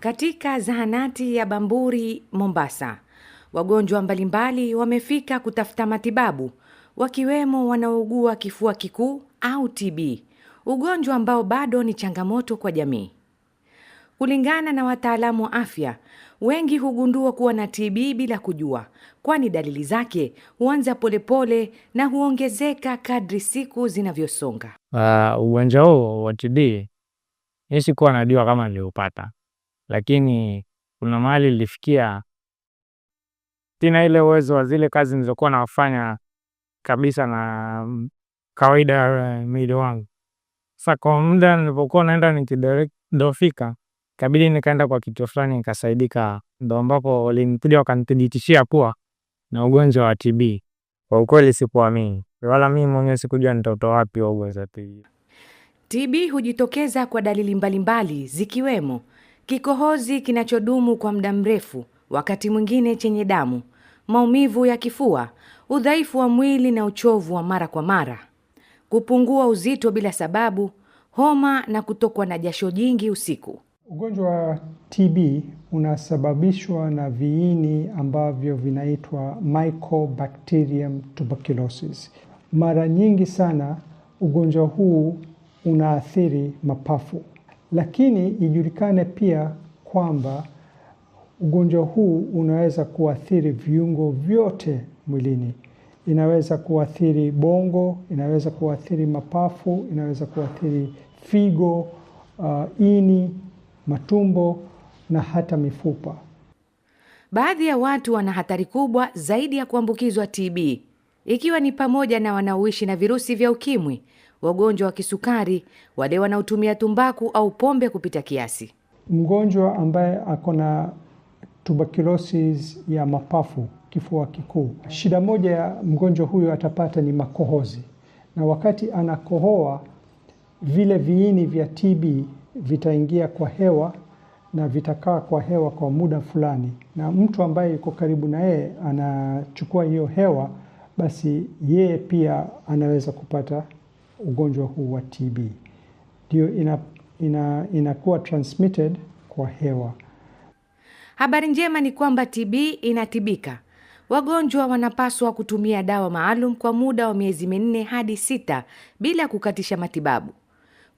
Katika zahanati ya Bamburi, Mombasa, wagonjwa mbalimbali wamefika kutafuta matibabu, wakiwemo wanaougua kifua kikuu au TB, ugonjwa ambao bado ni changamoto kwa jamii. Kulingana na wataalamu wa afya, wengi hugundua kuwa na TB bila kujua, kwani dalili zake huanza polepole na huongezeka kadri siku zinavyosonga. Uh, ugonjwa huo wa TB isikuwa najua kama niliupata lakini kuna mahali nilifikia sina ile uwezo wa zile kazi nilizokuwa nawafanya kabisa na kawaida ya mwili wangu. Sa kwa muda nilipokuwa naenda nikidofika, kabidi nikaenda kwa kitu fulani nikasaidika, ndo ambapo walinikuja wakanithibitishia kuwa na ugonjwa wa TB. Kwa ukweli sikuamini, wala mimi mwenyewe sikujua nitoto wapi wa ugonjwa wa TB. TB hujitokeza kwa dalili mbalimbali zikiwemo kikohozi kinachodumu kwa muda mrefu, wakati mwingine chenye damu, maumivu ya kifua, udhaifu wa mwili na uchovu wa mara kwa mara, kupungua uzito bila sababu, homa na kutokwa na jasho jingi usiku. Ugonjwa wa TB unasababishwa na viini ambavyo vinaitwa Mycobacterium tuberculosis. Mara nyingi sana ugonjwa huu unaathiri mapafu lakini ijulikane pia kwamba ugonjwa huu unaweza kuathiri viungo vyote mwilini. Inaweza kuathiri bongo, inaweza kuathiri mapafu, inaweza kuathiri figo, uh, ini, matumbo na hata mifupa. Baadhi ya watu wana hatari kubwa zaidi ya kuambukizwa TB, ikiwa ni pamoja na wanaoishi na virusi vya ukimwi wagonjwa wa kisukari, wale wanaotumia tumbaku au pombe kupita kiasi. Mgonjwa ambaye ako na tuberculosis ya mapafu, kifua kikuu, shida moja ya mgonjwa huyo atapata ni makohozi, na wakati anakohoa vile viini vya TB vitaingia kwa hewa na vitakaa kwa hewa kwa muda fulani, na mtu ambaye yuko karibu na yeye anachukua hiyo hewa, basi yeye pia anaweza kupata ugonjwa huu wa TB ndio inakuwa ina, inakuwa transmitted kwa hewa. Habari njema ni kwamba TB inatibika. Wagonjwa wanapaswa kutumia dawa maalum kwa muda wa miezi minne hadi sita bila kukatisha matibabu.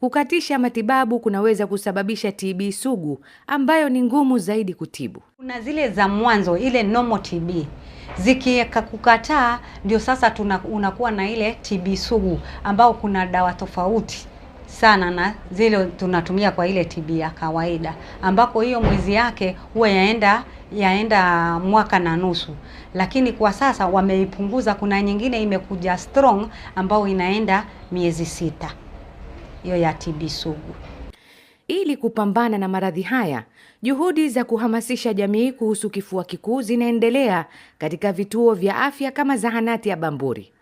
Kukatisha matibabu kunaweza kusababisha TB sugu ambayo ni ngumu zaidi kutibu. Kuna zile za mwanzo, ile normal TB kukataa ndio sasa tuna, unakuwa na ile TB sugu ambao kuna dawa tofauti sana na zile tunatumia kwa ile TB ya kawaida, ambako hiyo mwezi yake huwa yaenda yaenda mwaka na nusu, lakini kwa sasa wameipunguza. Kuna nyingine imekuja strong ambayo inaenda miezi sita hiyo ya TB sugu. Ili kupambana na maradhi haya, juhudi za kuhamasisha jamii kuhusu kifua kikuu zinaendelea katika vituo vya afya kama zahanati ya Bamburi.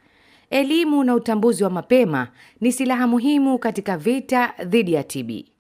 Elimu na utambuzi wa mapema ni silaha muhimu katika vita dhidi ya TB.